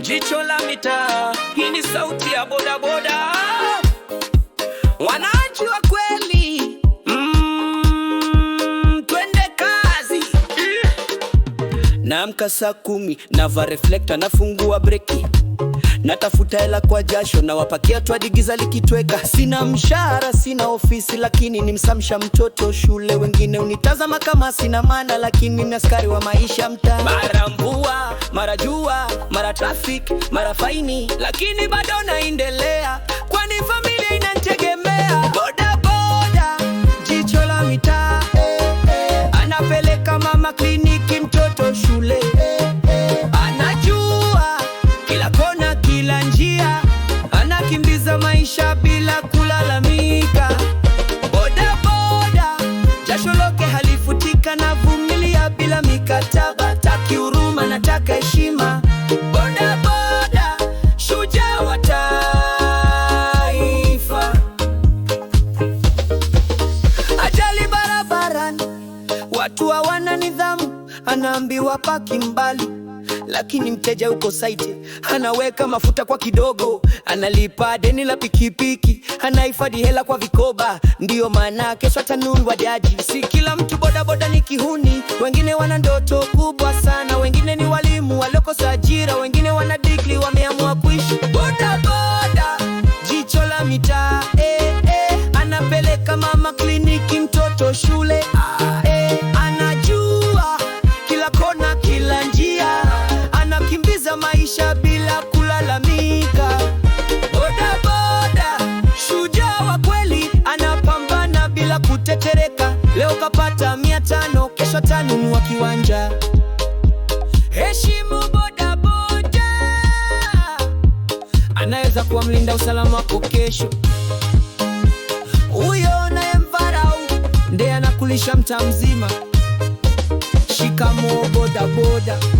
Jicho la mitaa, hii ni sauti ya bodaboda, wananchi wa kweli mm, twende kazi mm. Naamka saa kumi, nava reflector, nafungua breki natafuta hela kwa jasho na wapakia twadigiza likitweka. Sina mshahara, sina ofisi, lakini nimsamsha mtoto shule. Wengine unitazama kama sina maana, lakini ni askari wa maisha mta Mara mvua, mara jua, mara trafiki, mara faini, lakini bado naendelea katika heshima. shujaa wa taifa. Ajali barabarani, watu hawana nidhamu, anaambiwa paki mbali lakini mteja uko saiti, anaweka mafuta kwa kidogo, analipa deni la pikipiki, anahifadhi hela kwa vikoba. Ndiyo maana kesho atanunua jaji. Si kila mtu bodaboda ni kihuni, wengine wana ndoto kubwa sana, wengine ni elimu, waliokosa ajira, wengine wana digri, wameamua kuishi bodaboda, jicho la mitaa eh, eh, anapeleka mama kliniki, mtoto shule ah, eh, anajua kila kona, kila njia, anakimbiza maisha bila kulalamika. Bodaboda shujaa wa kweli, anapambana bila kutetereka. Leo kapata mia tano, kesho tanunua kiwanja. naweza kuwa mlinda usalama wako kesho. Huyo naye mfarau ndiye anakulisha mtaa mzima. shikamo bodaboda.